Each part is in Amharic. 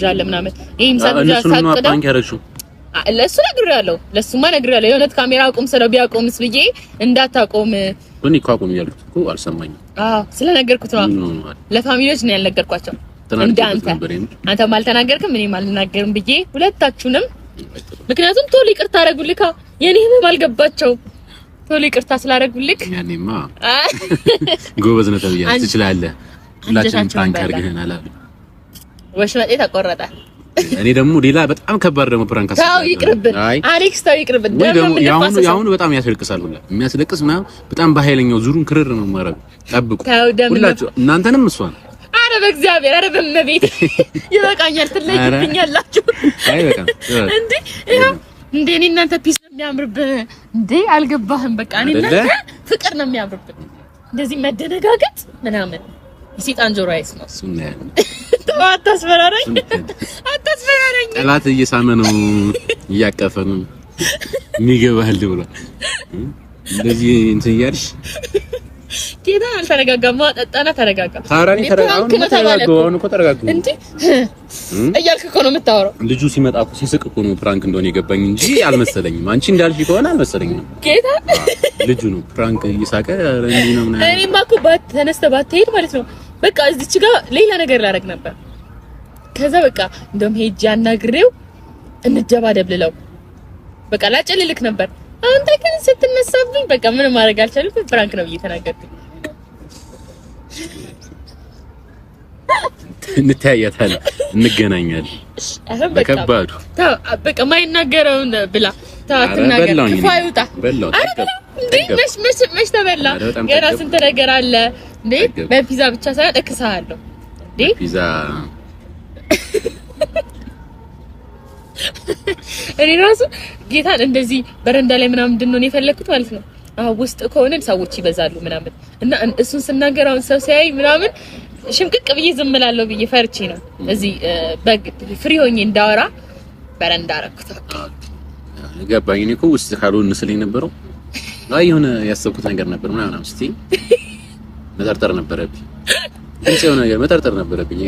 ትችላለህ ምናምን ይሄም ለእሱ ነግሬያለሁ፣ ለእሱማ ነግሬያለሁ። የእውነት ካሜራ አቁም ስለው ቢያቆምስ ብዬ እንዳታቆም ግን እኮ አቁም እያሉት እኮ አልሰማኝም። አዎ ስለነገርኩት ነው። ለፋሚሊዎች ነው ያልነገርኳቸው። እንዳንተ አንተም አልተናገርክም እኔም አልናገርም ብዬ ሁለታችሁንም፣ ምክንያቱም ቶሎ ይቅርታ አደረጉልካ። የኔ ህመም አልገባቸው ቶሎ ይቅርታ ስላደረጉልክ ያኔማ ጎበዝ ነው ተብያለሁ። ትችላለህ፣ ሁላችንም ፕራንክ አድርገህናል አሉ ወሽመጤ ተቆረጠ። እኔ ደግሞ ሌላ በጣም ከባድ ደግሞ ፕራንክ አሰራ። ተው ይቅርብን፣ አሌክስ ተው ይቅርብን። ያሁኑ በጣም ያስለቅሳል፣ ሁላ የሚያስለቅስ ምናምን በጣም በኃይለኛው ዙሩን ክርር ነው ማረብ። ጠብቁ ሁላችሁ፣ እናንተንም እሷን አረ በእግዚአብሔር አረ በመቤት ይበቃኛል። ትለይብኛላችሁ እንዴ? ይሄው እንዴ እኔ እናንተ ፒስ ነው የሚያምርብን እንዴ? አልገባህም? በቃ እኔ እናንተ ፍቅር ነው የሚያምርብን እንደዚህ መደነጋገጥ ምናምን የሴጣን ጆሮ አይስማ። ነው እሱ ነው አታስፈራራኝ፣ አታስፈራራኝ። ጠላት እየሳመ ነው፣ እያቀፈ ነው። ይገባል ብሏል። እንደዚህ እንትን እያልሽ ጌታ አልተረጋጋም። ጠጣና ተረጋጋ። ታራኒ ተረጋጋው ነው ተረጋጋው ነው እንዴ እያልክ እኮ ነው የምታወራው። ልጁ ሲመጣ እኮ ሲስቅ እኮ ነው ፕራንክ እንደሆነ የገባኝ እንጂ አልመሰለኝም። አንቺ እንዳልሽ ከሆነ አልመሰለኝም። ጌታ ልጁ ነው ፕራንክ እየሳቀ እንዲህ ነው ምናምን። እኔማ እኮ ተነስተህ ባትሄድ ማለት ነው በቃ እዚች ጋር ሌላ ነገር ላደርግ ነበር። ከዛ በቃ እንደውም ሄጅ ያናግሬው እንደባደብ ልለው በቃ ላጨልልክ ነበር። አንተ ግን ስትነሳብኝ በቃ ምንም ማድረግ አልቻልኩም። ፍራንክ ነው እየተናገርኩኝ እንተያያታል እንገናኛል። በከባዱ በቃ ማይናገረውን ብላ ታትናገርፋዩታ መች ተበላ። ገና ስንት ነገር አለ እንዴ! በፒዛ ብቻ ሳይሆን እክሳለሁ እንዴ ፒዛ እኔ ራሱ ጌታን እንደዚህ በረንዳ ላይ ምናምን እንድንሆን የፈለግኩት ማለት ነው። አሁን ውስጥ ከሆነን ሰዎች ይበዛሉ ምናምን እና እሱን ስናገር አሁን ሰው ሲያይ ምናምን ሽምቅቅ ብዬ ዝም እላለሁ ብዬ ፈርቼ ነው። እዚህ ፍሪ ሆኜ እንዳወራ በረንዳ አደረኩት። ገባኝ። እኔ እኮ ውስጥ ካልሆን ስል የነበረው አይ የሆነ ያሰብኩት ነገር ነበር ምናምን ስትይ መጠርጠር ነበረብኝ። ግልጽ የሆነ ነገር መጠርጠር ነበረብኝ።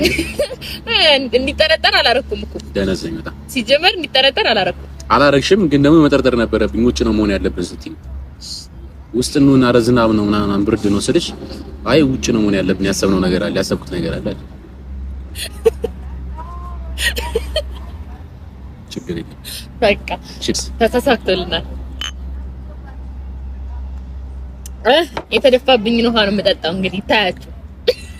እንዲጠረጠር አላረኩም እኮ ደነዘኝ። በጣም ሲጀመር እንዲጠረጠር አላረኩም። አላረግሽም፣ ግን ደግሞ መጠርጠር ነበረብኝ። ውጭ ነው መሆን ያለብን ስትይ ውስጥ ነው ኧረ ዝናብ ነው ምናምን ብርድ ነው ስልሽ፣ አይ ውጭ ነው መሆን ያለብን ያሰብነው ነገር አለ ያሰብኩት ነገር አለ። ችግር የለም በቃ ተሳክቶልናል። የተደፋብኝን ውሃ ነው የምጠጣው። እንግዲህ ታያችሁ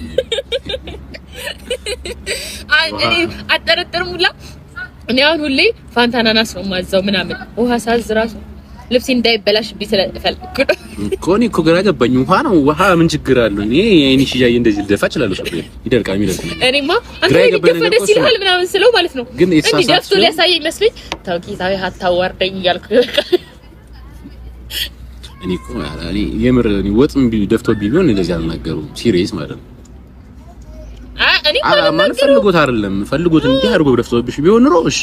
አጠረጥርም ሁላ እኔ አሁን ሁሌ ፋንታ አናናስ ነው ማዛው ምናምን ውሃ ሳዝ ራሱ ልብሴ እንዳይበላሽ ስለፈለኩ እኮ እኔ እኮ ግራ ገባኝ። ውሃ ነው ውሃ ምን ችግር አለው? እኔ የኔ ሽያዬ እንደዚህ ልደፋ እችላለሁ። ሰው ይደርቃል ይደርቃል። እኔማ አንተ ይደፋ ደስ ይልሃል ምናምን ስለው ማለት ነው ግን እኔ ደፍቶ ሊያሳየኝ ይመስለኝ ታውቂታዊ አታዋርደኝ እያልኩ እኔ እኮ እኔ የምር ወጥም ደፍቶ ቢሆን እንደዚህ አልናገሩም። ሲሪየስ ማለት ነው ማለት ፈልጎት አይደለም ፈልጎት እንዲህ አድርጎ ደፍቶብሽ ቢሆን ኑሮ እሺ።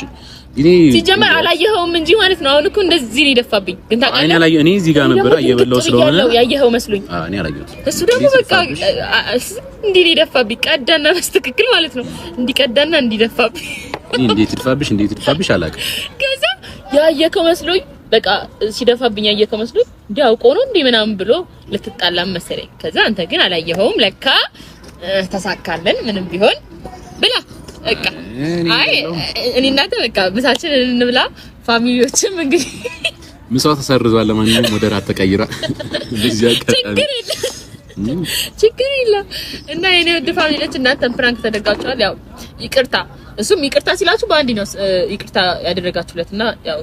እኔ ሲጀመር አላየኸውም እንጂ ማለት ነው። አሁን እኮ እንደዚህ ነው የደፋብኝ። ግን ታውቃለህ፣ እኔ እዚህ ጋር ነበር እየበላሁ ስለሆነ ያየኸው መስሎኝ። እኔ አላየሁት። እሱ ደግሞ በቃ እንዲህ ነው የደፋብኝ። ቀዳና በስትክክል ማለት ነው ቀዳና እንዲቀዳና እንዲደፋብኝ። እንዴት ይድፋብሽ፣ እንዴት ይድፋብሽ አላውቅም። ከዛ ያየኸው መስሎኝ በቃ ሲደፋብኝ ያየኸው መስሎኝ እንዲህ አውቆ ነው እንዲህ ምናምን ብሎ ልትጣላም መሰለኝ። ከዛ አንተ ግን አላየኸውም ለካ ተሳካልን ምንም ቢሆን ብላ በቃ አይ እኔ እናንተ በቃ ምሳችን እንብላ። ፋሚሊዎችም እንግዲህ ምሳው ተሰርዟል። ለማንኛውም ወደ ራት ተቀይራ ችግር የለም እና የኔ ውድ ፋሚሊዎች እናንተም ፕራንክ ተደርጋችኋል። ያው ይቅርታ፣ እሱም ይቅርታ ሲላችሁ በአንድ ነው ይቅርታ ያደረጋችሁለት እና ያው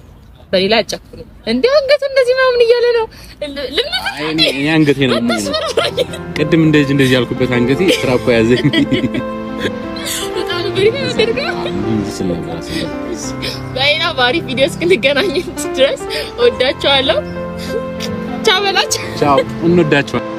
በሌላ ያጨክሩ እንዴ አንገት እንደዚህ ምናምን እያለ ነው አይ እኔ አንገቴ ነው ቅድም እንደዚህ እንደዚህ ያልኩበት አንገቴ ስራ እኮ ያዘኝ። በሌላ ባሪ ቪዲዮ እስክንገናኝ ድረስ ወዳቸዋለሁ። ቻው በላቸው። ቻው፣ እንወዳቸዋለን።